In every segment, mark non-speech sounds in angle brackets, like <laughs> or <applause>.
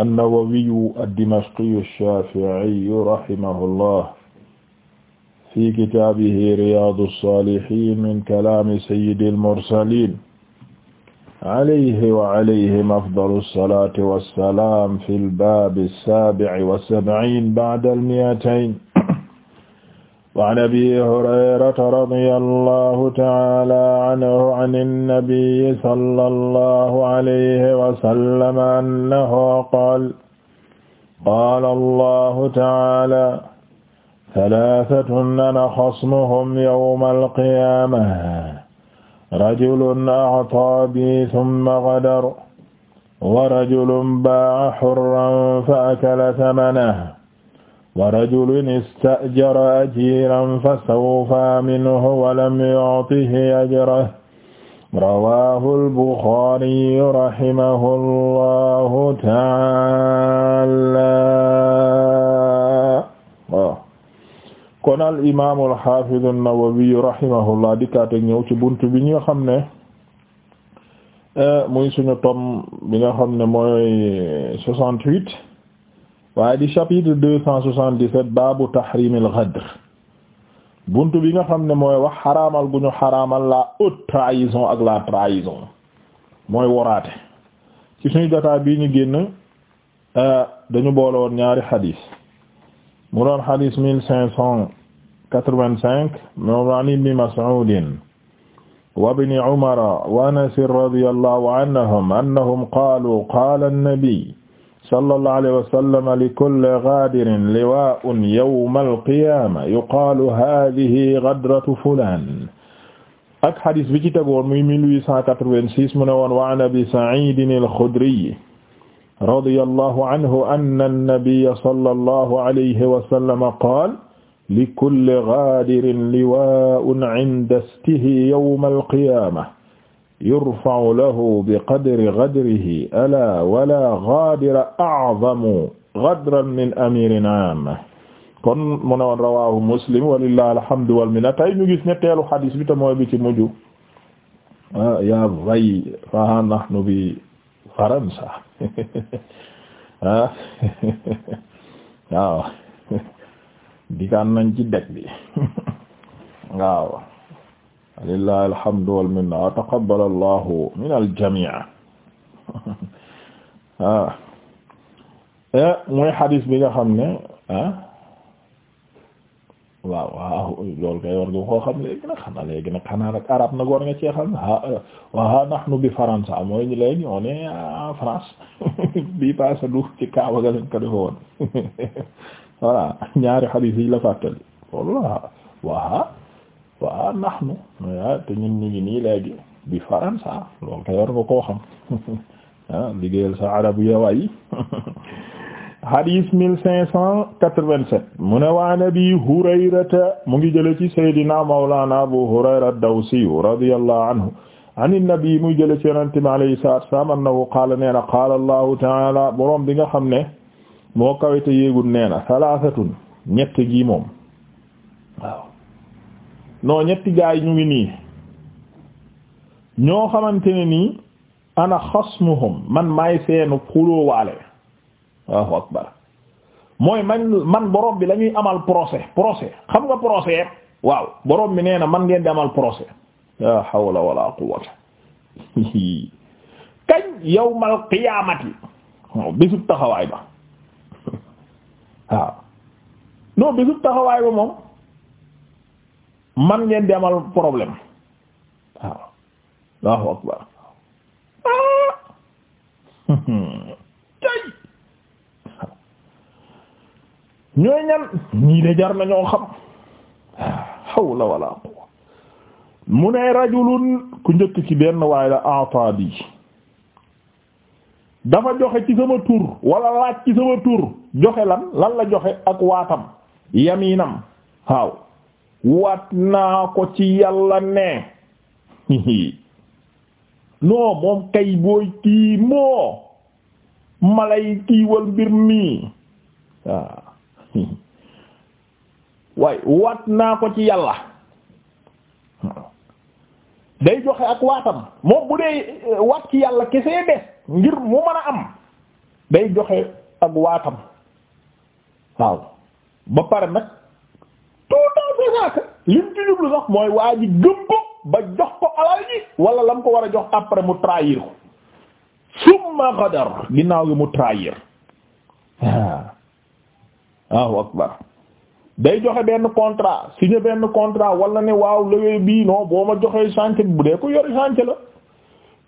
an-Nawawiyu ad-Dimashqiyu ash-Shaafi'iyu rahimahullah fi kitaabihi Riyaadu s-Saalihiin min kalaami sayyidil mursaliin alayhi wa alayhim afdalu s-salaati wa s-salaam fil baabi s-saabi'i wa s-sab'iin ba'da l-mi'atayn وعن أبي هريرة رضي الله تعالى عنه عن النبي صلى الله عليه وسلم أنه قال قال الله تعالى ثلاثة أنا خصمهم يوم القيامة رجل أعطى بي ثم غدر ورجل باع حرا فأكل ثمنه wa rajulun istajara ajiran fastawfaa minhu wa lam yu'tihi ajrahu rawaahu al-Buxaari rahimahullahu ta'aala waaw kon al imaamu al-Haafidu an-Nawawi rahimahullah dikkaat ak ñëw ci bunt bi ñu xam ne eh, muy suñu tom bi nga xam ne mooy soixante-huit waa di chapitre deux cent soixante-dix-sept buntu bi nga xam ne mooy wax xaraamal gu ñu xaraamal la haute trahison ak la trahison mooy woraate ci suñu jotaay bii ñu génn euh, dañu boole woon ñaari xadiis mu doon xadiis mille cinq cent quatre-vingt-cinq moom an ibni Mas'uudin wa ibni Umara wa Anas radiyallahu anhum qaalu qaala an-nabi sallallahu alayhi wa sallam li kulli gaadirin liwaa'un yawmal qiyaama yuqaalu haadihi gadratu fulaan ak xadis bi ci tegoon muy 1886 mu ne woon wa an abi sa'iidin al-xudriy radiyallahu anhu anna an-nabiyya sallallahu alayhi wa sallam qaala li kulli gaadirin liwaa'un inda istihi yawmal qiyaama yurfa'u lahu bi qadri ghadrihi ala wala ghadira a'zamu ghadran min amirin am kon mu ne woon rawahu muslim walillahi alhamdu wal minna tey ñu gis ñetteelu xadis bi te mooy bi ci mujj ah yaa vay faha nahnu bi faransa <laughs> ah <laughs> waaw <laughs> dikaan nañ ci dëkk bi waaw lillahi alhamdu wal minna wa taqabbala allahu min aljamii <laughs> ah eh, mooy xadis bi nga xam ne ah waaw waaw loolu kay war nga koo xam léegi nag xanaa léegi nag xanaa nag arab nag war nga cee xam ah, eh, wa nahnu bi France mooy ñu léegi on est France <laughs> bii passé du ci Kaaba ga lañ ko defe woon <laughs> ñaari xadis yi la fàttali loolu la waaw wa nahnu te ñun ñu ngi nii léegi bi faransa loolu kay nga koo xam <laughs> ah liggéeyal sa arab yowaayi <laughs> hadis cent quatre vingt mu ne waa nabi hurayrata mu ngi jële ci saydina mawlana abu hurayra dawsiyu radiyallahu anhu ci yonente bi bi nga xam ne moo kawete yéegul nee na salaasatun ñett gi moom non ñetti gaa yi ñu ngi nii ñoo xamante ne nii ana xasmuhum man maay seenu xulóowaale waaw akbar mooy man man bi la ñuy amal procès procès xam nga procès waaw boroom bi nee na man ngeen di amal procès la hawla wala quwwata <laughs> kañ yawmal qiyaamati waaw taxawaay ba <laughs> waaw non bésub taxawaay ba moom man ngeen demal amal problème waaw Allahu akbar ah. <laughs> ñooy ñan ñii jar nañoo xam hawla wala quwwa mu ne rajulun ku njëkk ci benn waaye la ata bi dafa joxe ci sama tur wala laaj ci sama tur joxe lan lan la joxe ak waatam yaminam waaw waat naa ko ci yàlla ne <laughs> non moom kay booy kii moo malay kiiwal mbir mi waaw <laughs> waaye waat naa ko ci yàlla day joxe ak waatam moom bu dee eh, waat ci yàlla kese des ngir mu mën a am day joxe ak waatam waaw ba pare nag daanaka lim ci jublu sax mooy waa ji gëm ba jox ko alal ji wala lam ko war a jox après mu trahir ko summa xadar ginnaaw gi mu trahir waaw ah. akbar day joxe benn contrat signé benn contrat walla ne waaw léegi bii non boo ma joxee chantier bu dee ko yori chantier la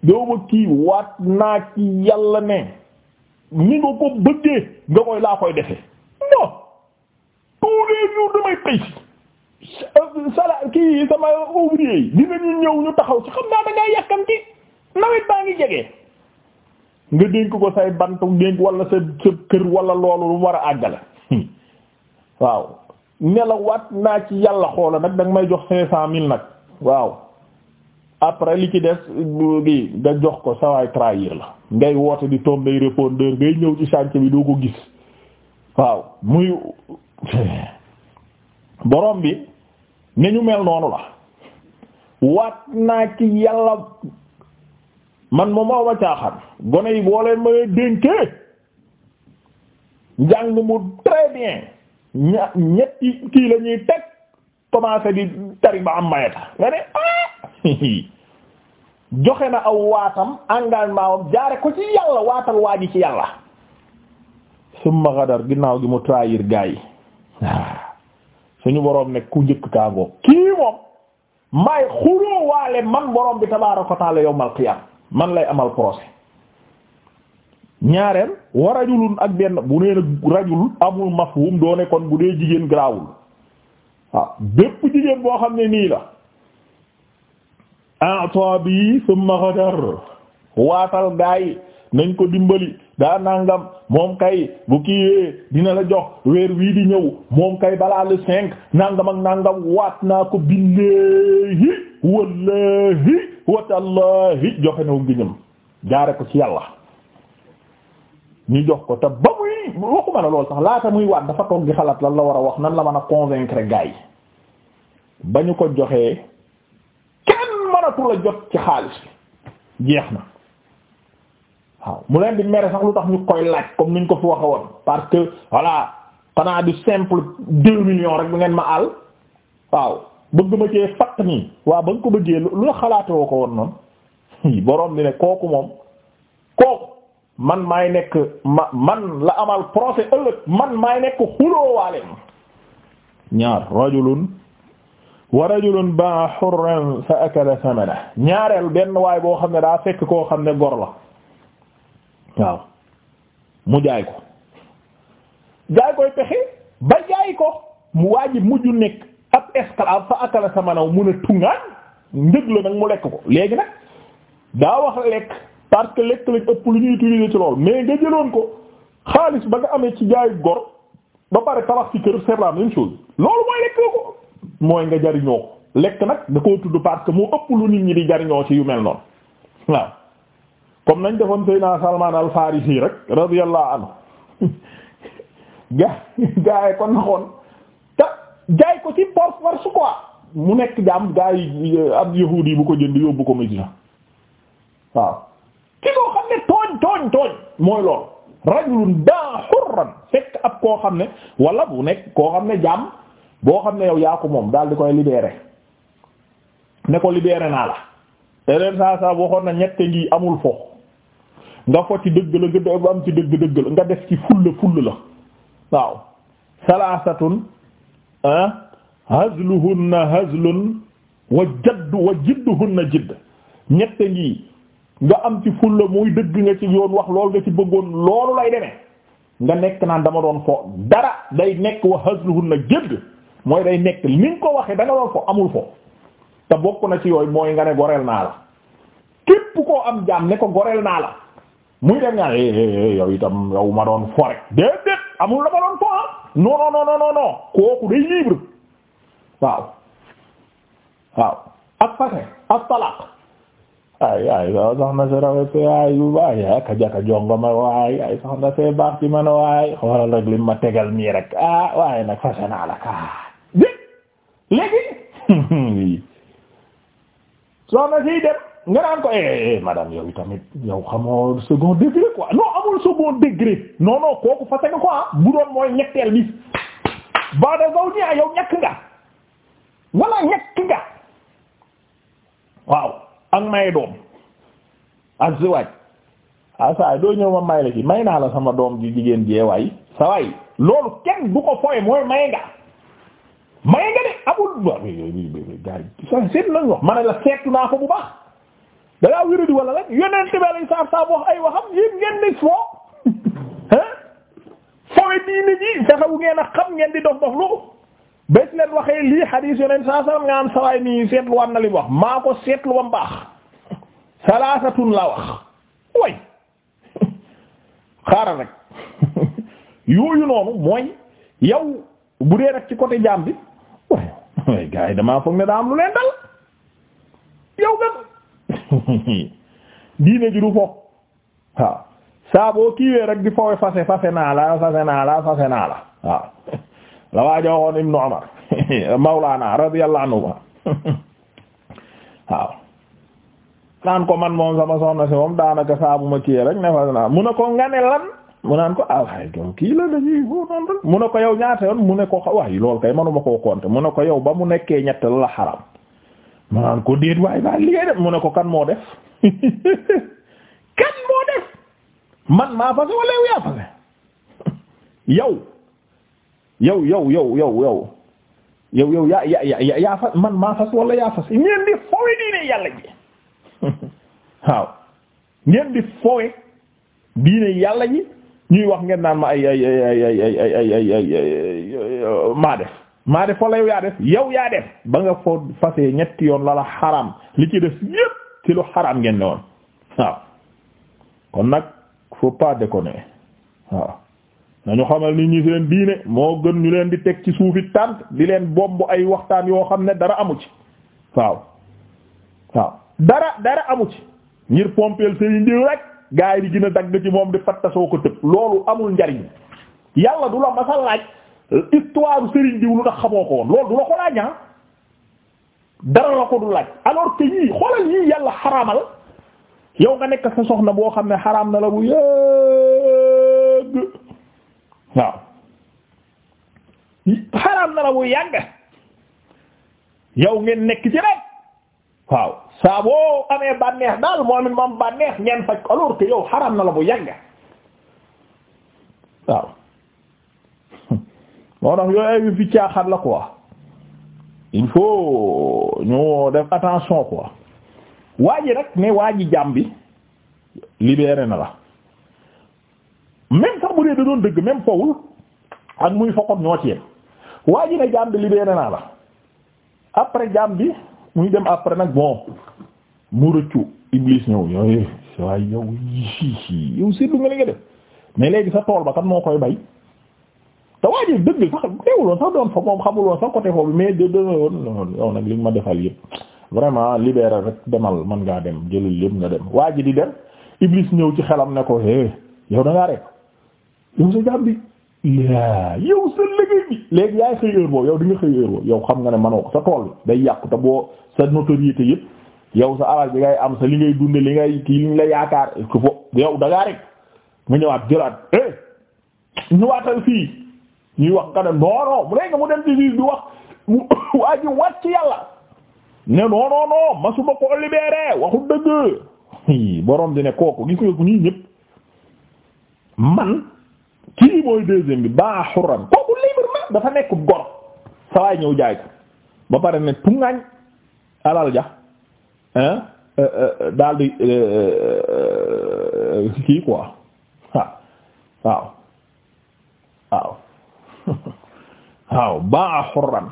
doo ma kii waat naa ci yàlla ne ni nga ko bëggee nga koy laa koy defee non tous les damay tey sala kii sama ouvrier yi dinañu ñëw ñu taxaw ci xam naa da yàkkamti nawet baa ngi jege. nga dénk ko say bantu dénk walla sa sa kër wala loolu lu war a àggale <laughs> waaw nelawaat naa ci yàlla xoola nag danga may jox cinq cent mille nag waaw après li ci des bi nga jox ko sawaay trahir la ngay woote di tomber répondeur ngay ñëw ci chantier bi doo ko gis waaw muy <laughs> borom bi ne ñu mel noonu la waat naa ci yàlla man moom aw ma caaxaan gone yi boo leen mënee dénkee njàng mu très bien ña ñetti kii lañuy ñuy teg commencé di tari ba am mayata nga ne ah <laughs> joxe na aw waatam engagement am jaare ko ci yàlla waatal waa ji ci yàlla summa xadar ginnaaw gi mu trahir gaa yi suñu boroom ne ku njëkk kaangoo kii moom may xuloo waale man boroom bi tabaaraka wa taala yawmal qiyaam man lay amal procès ñaareel wa rajulun ak benn bu nee na rajul amul mafhum doone kon bu dee jigéen garaawul waaw ah, bépp jigéen boo xam ne nii la a'ta bi thumma ghadar waatal gaay nañ ko dimbali daa nangam moom kay bu kii dina la jox weer wii di ñëw moom kay balaa le cinq nangam ak nangam waat naa ko billahi wallahi watallahi joxe na wu ngiñëm jaare ko ci yàlla ñu jox ko te ba muy waxuma la lool sax laata muy waat dafa toog xalaat lan la war a wax nan la mën a convaincre gars yi ba ñu ko joxee kenn mënatu jot ci xaalis bi jeex na waaw mu leen di mere sax lu tax ñu koy laaj comme ñu ko fi waxee woon parce que voilà panaa du simple deux millions rek bu ngeen ma àll waaw bëgg ma cee fatt nii waa ba nga ko bëggee lu la xalaate woo ko woon noonu <laughs> boroom bi ne kooku moom kooku man maay nekk ma man la amal procès ëllëg man maay nekk xuloowaale ñaar rajulun wa rajulun baa hurran fa akala thamana ñaareel benn waay boo xam ne daa fekk koo xam ne gor la waaw mu jaay ko jaay koy pexe ba jaay ko mu waajib mujj nekk ab esclave fa akala samanaw mun a tungaan njëg la nag mu lekk ko léegi nag daa wax lekk parce que lekk lañ ëpp lu ñuy utiliser ci lool mais nga jëloon ko xaalis ba nga amee ci jaay gor ba pare tabax ci kër c'est la loolu mooy lekk la ko mooy nga jariñoo ko lekk nag da koo tudd parce que moo ëpp lu nit ñi di jariñoo ci yu mel noonu waaw comme nañ defoon Seydina Salman al Farisi rek radiyallahu anhu ga gaay ko naxoon te jaay ko ci por force quoi mu nekk jaam gaay ab yahuudi bu ko jënd yóbbu ko Medina waaw ki koo xam ne tooñ tooñ tooñ mooy lool rajulun daa hurran fekk ab koo xam ne wala bu nekk koo xam ne jaam boo xam ne yow yaa ko moom daal di koy libéré ne ko libéré naa la te leen saa saa waxoon na ñette ngi amul fo nga fo ci dëgg la nga am ci dëgg dëgg la nga def ci fulla fulla la waaw salaasatun ah hazluhunna hazlun wa jaddu wa jidduhunna jidd ñett ngi nga am ci fulla muy dëgg nga ci yoon wax loolu nga ci bëggoon loolu lay demee nga nekk naan dama doon fo dara day nekk wa na jidd mooy day nekk li nga ko waxee da nga doon fo amul fo te bokk na ci yooyu mooy nga ne goreel naa la képp koo am jaam ne ko goreel naa la muy dem ñaan eh, eh, eh, yow itam yow ma doon fo amul la ma doon fo ah. non non non non non libre waaw waaw ak fase ay ay sax na se rawe se ay waay aka jaka jongo ma waay ay sax na se man waay xoolal ma tegal nii rek ah waaye nag fase naa la kaa dé léegi <laughs> nga naan ko eh eh madame yow tamit yow xamoo second degré quoi non amul second degré non non kooku fase nga quoi ah. bu doon mooy ñetteel bis baada zawniya ah, yow ñàkk nga ah, doo ñëw ma may ma ne la seet naa ko bu baax. da ngaa wéradi wala rek yonent bi alayhi salaam wax ay waxam yéen ngeen di foo ah fooy diine ji fexe bu ngeen a xam ngeen di dof dof lu bés leen waxee lii xadiis yonent saa salaam nga am sawaay nii seetluwaat na li wax maa ko seetlu ba mu baax salaasatun la wax way xaaral rek yooyu noonu mooy yow bu dee rek ci côté jaam bi way gars damaa foog ne daa am lu leen dal yow nga <laughs> diine ji du fo waaw saa boo kiiwee rek di fooy fase fase naa la fase naa la fase naa la waaw <laughs> la waaja waxoon ibnu Umar <laughs> mawlaana radiyallahu anhu waaw naan ko man moom sama soxna si moom daanaka saabu ma kiiwee rek ne fase naa mu ne ko nga lan mu naan ko ah waaye kii la dañuy foofu noonu rek mu ne ko yow ñaata yoon mu ne ko waaye lool kay manuma koo compter mu ne ko yow ba mu nekkee ñett la la xaram mu naan ko déet waaye waaye li ngay def mu ne ko kan moo def kan moo def man maa fase wala yow yaa fase yow yow yow yow yow yow yaa yaa yaa fas man maa fas wala yaa fas ngeen di fowe diine yàlla ji waaw ngeen di fowe diine yàlla ji ñuy wax ngeen naan ma ay ay ay ay ay ay ay maa def maa def wala yow yaa def yow yaa def ba nga foo fasee ñetti yoon la la xaram li ci def yépp ci lu xaram ngeen ne woon waaw kon nag faut pas déconner waaw nañu xamal nit ñi seen diine moo gën ñu leen di teg ci suufi tànt di leen bomb ay waxtaan yoo xam ne dara amu ci waaw waaw dara dara amu ci ngir pompeel seen rek gaa yi di gën a dagg ci moom di fattasoo ko tëb loolu amul njariñ yàlla du la masa laaj histoire Serigne diw lu tax xamoo ko woon loolu du la ko laaj ah dara la laaj alors que yii xoolal yii yàlla xaraamal yow nga nekk sa soxna boo xam ne xaraam na la bu yàgg waaw xaraam na la bu yàgg yow ngeen nekk ci rek waaw saa boo amee bànneex daal moom it moom bànneex ngeen faj ko alors yow xaraam na la bu yàgg waaw moo tax yooyu ay yu fi caaxaan la quoi il faut ñu def attention quoi waa ji rek ne waa ji jàmm bi libéré na la même sax bu dee da doon dëgg même fawul ak muy fokkoon ñoo ci yem waa ne jàmm bi libéré naa la après jàmm bi muy dem après nag bon mu rëccu Iblis ñëw yooyu eh, yow yi yow nga li nga def mais léegi sa tool ba kan moo koy bay. ji dëgg sax teewuloon sax doon fa moom xamuloon sax côté foofu mais de doon yow nag li ma defal yëpp vraiment libéré rek demal man ngaa dem jëlal yëpp nga dem waa ji di dem Iblis ñëw ci xelam ne ko é da ngaa rek yow sa jàmm bi laa yow sa liggéey bi xam nga ne manoo sa tool day yàqu te boo sa notoriété yëpp yow sa alal bi ngay am sa li ngay li ngay kii li ñu la yaakaar ko fo da ngaa mu ñëwaaat jëlaat eh fii ñuy wax nga ne non non léegi mu dem ci juge bi wax <coughs> waa ji ci yàlla ne non non non masuma ko waxul dëgg borom di kooku gis nga ko ñii ñëpp man kii mooy deuxième bi baa xuram kooku libre ma dafa nekk gor sawaay ñëw jaay ko ba pare ne tungaañ alal ja euh, euh, euh, daal di kii quoi waaw waaw waaw waaw baa xurran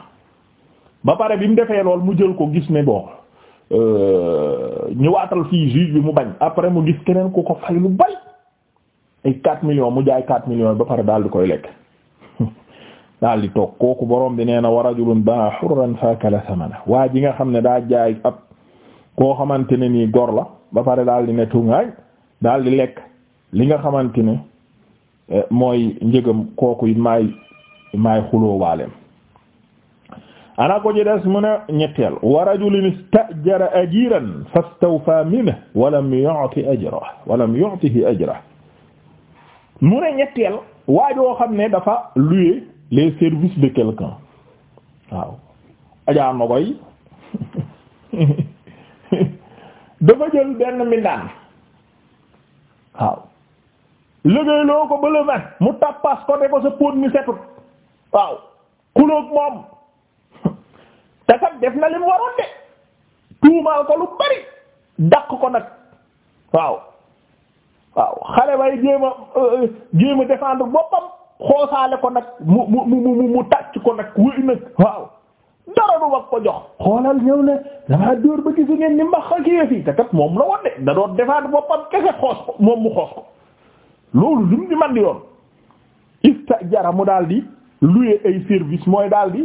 ba pare bi mu defee lool mu jël ko gis ne bon euh, ñëwaatal fii juge bi mu bañ après mu gis keneen ku ko fay lu bay ay 4 millions mu jaay 4 millions ba pare daal di koy lekk <laughs> daal di toog kooku borom bi nee na wa rajulun baa xurran faakala samana waa ji nga xam ne daa jaay ab koo xamante ne nii gor la ba pare daal di ne tungaay daal di lekk li nga xamante ne eh, mooy njëgam kooku may maay xuloo waaleem ana ko ci des mu ne ñetteel wa rajulin istajara ajiran fastawfa minhu walam yu'ti ajrahu walam yu'tihi ajrahu mu ne ñetteel waajoo xam ne dafa louer les services de quelqu'un waaw ajaa nogoy <laughs> dafa jël benn mindaan waaw liggéey loo ko ba le vingt mu tappas ko de ko sa póot mi setut waaw xulóog moom te def na li mu waroon de tuumaal ko lu bari dàq ko nag waaw waaw xale bay jéem a euh, jéem a défendre boppam xoosaale ko nag mu mu mu mu tàcc ko nag wéy nag waaw dara du wax ko jox xoolal ñëw ne damaa dóor ba gisu ngeen ni mbax ak yëf yi moom la woon de da doon défendre boppam kese xoos ko moom mu xoos ko loolu lim di man yoon ista jara daal di loué ay service mooy daal di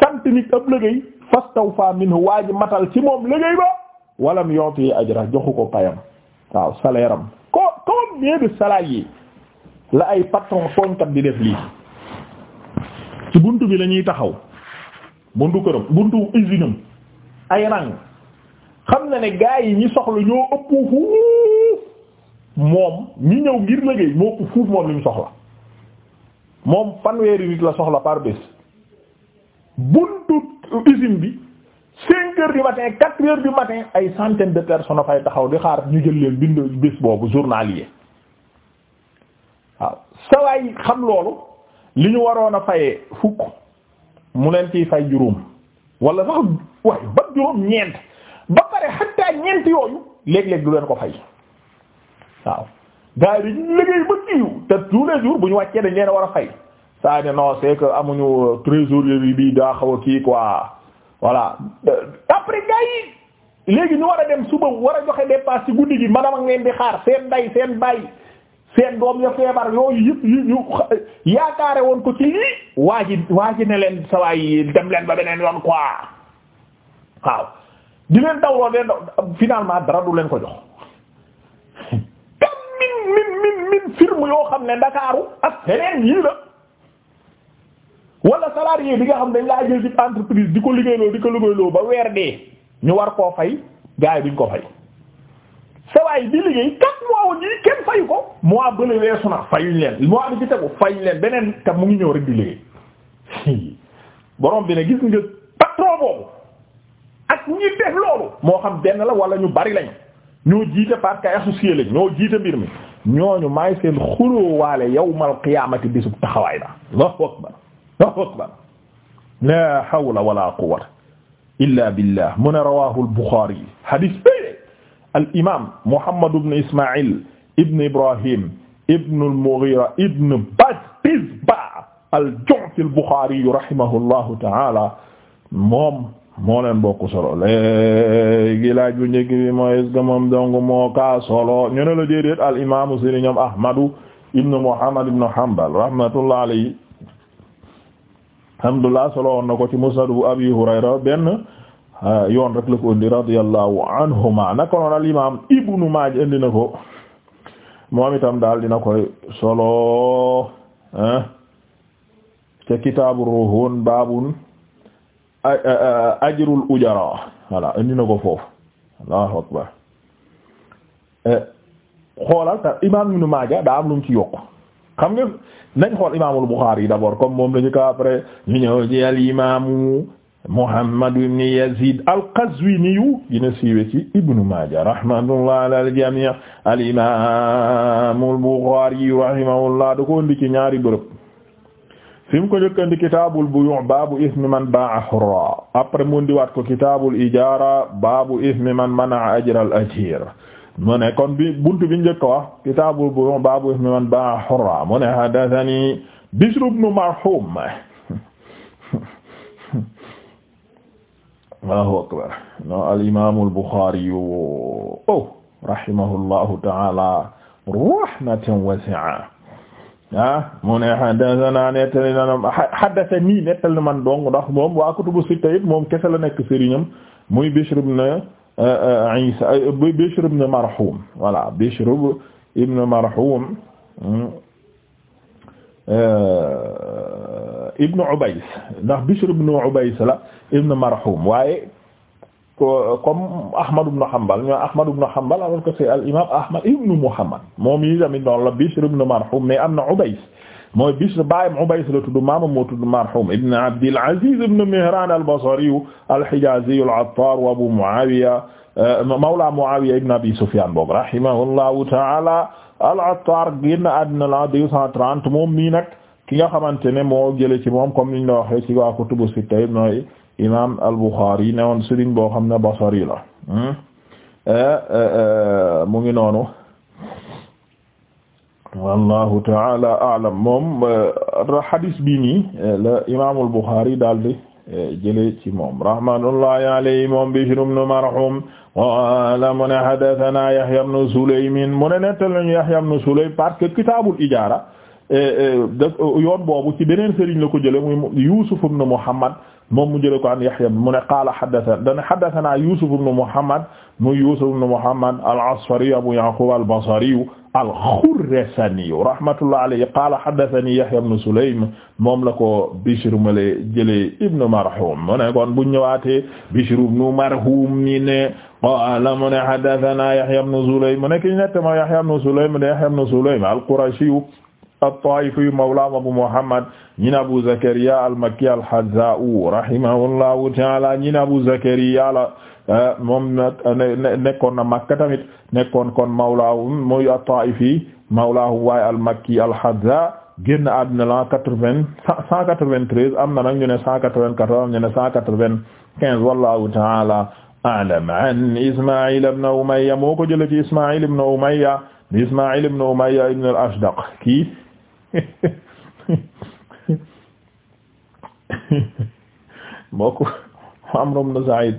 sant nit ab liggéey fastawfa minhu waa ji matal ci moom liggéey ba walam yuti ajra joxu ko payam waaw salaire am ko combien de salariés la ay patron tooñkat di def lii ci buntu bi lañuy taxaw buntu këram buntu usine ay rang xam na ne gaa yi ñi soxla ñoo ëpp fuuf moom ñi ñëw ngir liggéey moo ëpp fuuf moom li soxla moom fanweeri nit la soxla par bés buntu usine bi cinq heures du matin quatre heures du matin ay centaines de a fay taxaw di xaar ñu jël leen bind bés boobu journalier waaw sawaay xam loolu li ñu waroon a fayee fukk mu leen ciy fay juróom wala sax waaye ba juróom ñeent ba pare xattaa ñeent yooyu léeg-léeg du leen ko fay waaw gars yi dañuy ba kiiw te tous les bu ñu wàccee dañ leen war a fay saa ne non c'est que amuñu trésorerie bi daa xaw a kii quoi voilà après gars léegi ñu war a dem suba war a joxe dépasse ci guddi gi madama ngeen di xaar seen nday seen bay seen doom ya feebar yooyu yëpp yu ñu yaakaare woon ko ci lii waa ji waa ji ne leen sawaay dem leen ba beneen yoon quoi waaw di leen taw leen finalement dara du leen ko jox tam min min min min firme yoo xam ne ndakaaru ak beneen yii la wala salarié bi xam dañ laa jël ci entreprise di ko liggéeyloo di ko liggéeyloo ba weer dee ñu war koo fay gars yi duñ ko fay sawaay di liggéey quatre mois woon ñii kenn fayu ko mois bële weesu na fayuñ leen mois bi ci tegu fayuñ leen beneen te mu ngi ñëw rek di liggéey <laughs> borom bi ne gis nga patron boobu ak ñi def loolu moo xam benn la wala ñu bari lañ ñoo jiite parce que associé lañ ñoo jiite mbir mi ñooñu maay seen xulóowaale yawmal qiyaamati bisub taxawaay ba la hawla wala quwwata illa billah mu ne rawahu al-Bukhari hadis bi al imam Muhammad ibn Isma'il ibn Ibrahim ibn al-Mughira ibn Bajtizba al-Ju'fi al-Bukhari rahimahullahu ta'ala moom moo leen bokk solo léegi laaj bu njëkk bi mooy est-ce que moom dong moo ka solo ñu ne la déedéet al imam Muslim ñoom Ahmad ibn Muhammad ibn Hanbal rahmatullah alayhi alhamdulillah solo woon na ko ci musnad bu abi hurayra benn yoon rek la ko indi radiyallahu anhuma naka noon al imam ibnu maaja indi ko moom itam daal dina koy solo ca kitaabu ruhun babun ajrul ujara voilà indi ko foofu allahu akbar eh, xoolal ta imam ibnu maaja daa am lu ci yokk xam nga nañ xool imaamul Buxaari yi d'abord comme moom lañu ko après ñu ñëw ci al imaamu Muhammad ibn Yazid al-Qazwini yu dina siiwe ci al-jamii al imaamul Buxaari yi rahimahullah da ko indi ci ñaari bërëb fi mu ko njëkkandi kitaabul buyuu' baabu ismi man baa'a hurra après mu ndiwaat ko kitaabul ijaara baabu ismi man mana'a ajra al-ajiir mu kon bi buntu bi njëkk wax kitaabul buyuu' baabu ismi man baa'a hurra mu ne haddathanii Bishr ibn Marhum Allahu akbar no al-imaam al-Buxaari oh rahimahullahu ta'aala rahmatan ah mu ne haddathana nettali na man dong ndax moom waa kutubu sitta it moom kese la nekk sëriñam muy Bishr Isa Bishr ibn Marhum voilà Bishr ibn Marhum euh, ibn Ubays ndax Bishr ibn Ubays la ibn Marhum waaye comme Ahmad ibn Hanbal ñoo Ahmad ibn Hanbal alors que c'est al imam Ahmad ibn Muhammad moom yi tamit noonu la Bishr ibn Marhum mais am na Ubays mooy Bishr baayam Ubays la tudd maamam moo tudd marhum ibn Abdil Aziz ibn Mihran al-Basri al-Hijazi al-Attar wa Abu Muawiya euh, mawla Muawiya ibn Abi Sufyan boobu rahimahullahu ta'ala al-Attar génn àddina la 230 moom mii nag ki nga xamante ne moo jëlee ci moom comme niñ la waxee ci waa kutubu sitta yi mooy imaam al-Bukhari newoon sëriñ boo xam ne Basri la hmm? euh, euh, mu ngi noonu. wallahu taala alam moom euh, hadis bi nii euh, la imaamul Buxaari daal di euh, jëlee ci moom rahmatullahi alayhi moom Bishr ibn Marhum wala mu ne haddathana Yahya ibn Sulaym mu ne nettal nañu Yahya ibn Sulaym parce que kitaabul ijaara yoon boobu ci beneen sëriñ la ko jëlee muy Yuusuf ibn Muhammad moom mu jëlee ko an Yahya mu ne qaala haddathanaa dana haddathanaa Yuusuf ibn Muhammad mu Yuusuf ibn Muhammad al-Asfari Abu Ya'qub al-Basri al-Khurasani rahmatullahi alayhi qaala haddathanii Yahya ibn Sulaym moom la ko Bishr male jëlee ibn Marhum mu ne kon bu ñëwaatee Bishr ibn Marhum mi ne qaala mu ne haddathanaa Yahya ibn Sulaym mu ne ki ñu ne Yahya ibn Sulaym de Yahya ibn Sulaym al-Qurashi at-Taa'ifi mawlaam Abu Muhammad ñi ne Abu Zakariya al-Makki al-Hazzaa'u rahimahullahu ta'aala ñi ne Abu Zakariya la eh, moom nekkoon na Makka tamit nekkoon kon mawlaahum mooy at-Taa'ifi mawlaahum waaye al-Makki al-Hazzaa'u génn àddina la quatre-vingt cent quatre-vingt-treize am na nag ñu ne cent quatre-vingt-quatorze am ñu ne cent quatre-vingt-quinze wallaahu ta'aala a'lam an Ismaa'il ibn Umayya moo ko jëlee ci Ismaa'il ibn Umayya Ismaa'il ibn Umayya ibn al-Ashdaq kii mbokk Amr ibn Sa'id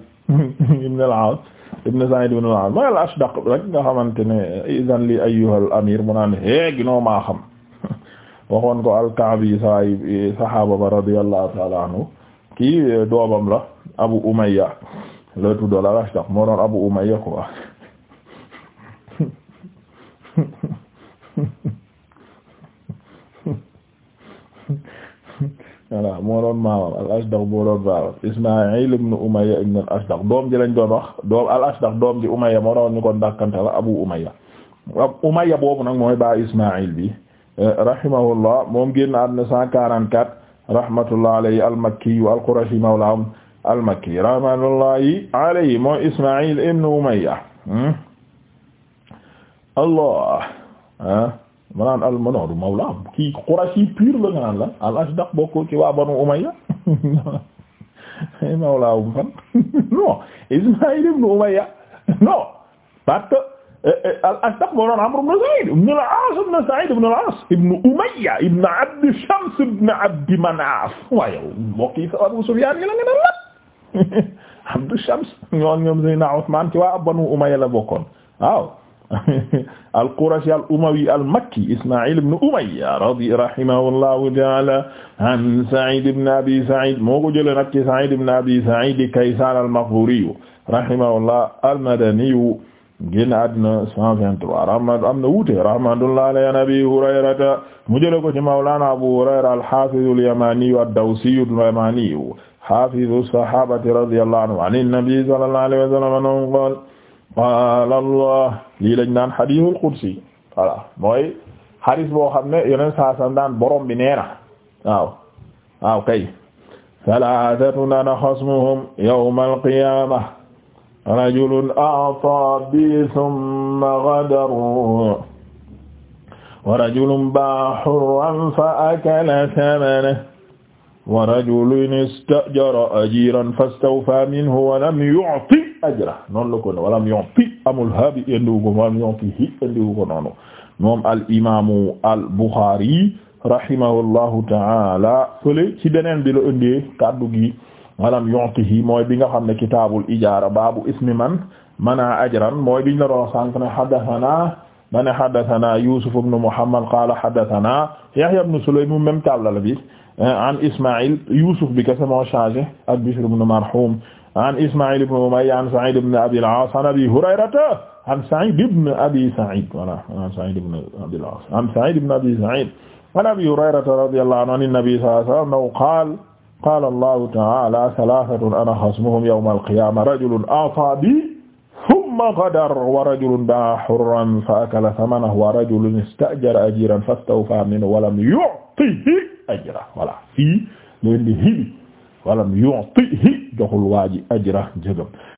ibn al-As ibn Sa'id ibn al-As mooy al-Ashdaq rek nga xamante ne izan li ayyuhal amir mu naan hee ginoo maa xam waxoon ko al-Ka'bi saay saxaaba ba radiyallahu ta'ala anhu kii doomam la Abu Umayya la tudd al-Ashdaq moo doon Abu Umayya quoi voilà moo doon maamam al ashdaq boo ibn umayya ibn al doom ji lañ doon wax doom al ashdaq doom ji umayya moo doon ñu ko ndàkkante abu umayya umayya boobu nag mooy baa ismail bi eh, rahimahullah moom génn àdduna 144 rahmatullah alayhi al makki al qurashi mawlaam al makki rahmatullahi alayhi mooy ismail ibn umayya hmm? allah ah. ma naan al manoodu mawla kii Qurashi pur la al Ashdaq bokk ci waa Banu Umayya <laughs> mawla um fan <laughs> non Ismaïl ibn Umayya non parce eh, eh, al Ashdaq moo doon Amr ibn Sa'id ibn al-As ibn Sa'id ibn Abd Shams ibn Abd Manaf waaye mbokk yi Abu Sufyan yi <laughs> Abd Shams ñoon ñoom Seydina Usman ci waa Banu Umayya la bokkoon waaw <laughs> al-Qurashi al-Umawi al-Makki Isma'il ibn Umayya radi rahimahullahu ta'ala an Sa'id ibn Abi Sa'id moo ko jëlee nag ci Sa'id ibn Abi Sa'id Kaysan al-Makhburi rahimahullah al-Madani génn àddina 123 rahma am na wuute rahmatullah alayhi an Abi Hurayrata mu jëlee ko ci Mawlana Abu Hurayra al-Hafiz al-Yamani ad-Dawsi al-Yamani hafiz as-sahabati radiyallahu anhu an an-nabi sallallahu alayhi wa sallam walallah lii lañ naan hadithul qudsi voilà mooy hadith boo xam ne yeneen saa san daan borom bi nee na waaw waaw kay salatatun ana xasmuhum yawma alqiyama rajulun a'ta bi thumma ghadaru wa rajulun ba'a hurran fa akala thamanahu wa rajulun istajara ajiran fastawfa minhu wa lam yu'ti ajra noonu la ko ne walam yon pi amul haabi indiwu ko walam yon pi hi indiwu ko noonu moom al imaamu al Bukhari rahimahullahu taala fële ci beneen bi la indee kaddu gi maanaam yontihi mooy bi nga xam ne kitaabul ijaara baabu ismi man mana ajran mooy biñ la doon sànq ne haddathana ma ne haddathana Yusuf ibn Muhammad qaala haddathana Yahya ibn Sulaym mu même table la bi eh, an Ismaïl Yusuf bi kese moo changé ak Bishr ibn Marhum an Ismaïl ibn Umayya an Sa'id ibn Abi al-As an Abi Hurayrata an Sa'id ibn Abi Sa'id voilà an Sa'id ibn Abi al-As an Sa'id ibn Abi Sa'id an Abi Hurayrata radiyallahu anhu an an-nabi sallallahu alayhi wa sallam annahu qaala qaala Allahu ta'aala thalaathatu ana khasmuhum yawma al-qiyaama rajulun a'taa bi thumma ghadara wa rajulun ba'a hurran fa akala thamanahu wa rajulun ista'jara ajiiran fastawfaa minhu wa lam yu'tihi ajrahu voilà fii walam yu'tihi joxul waa ji ajra njëgam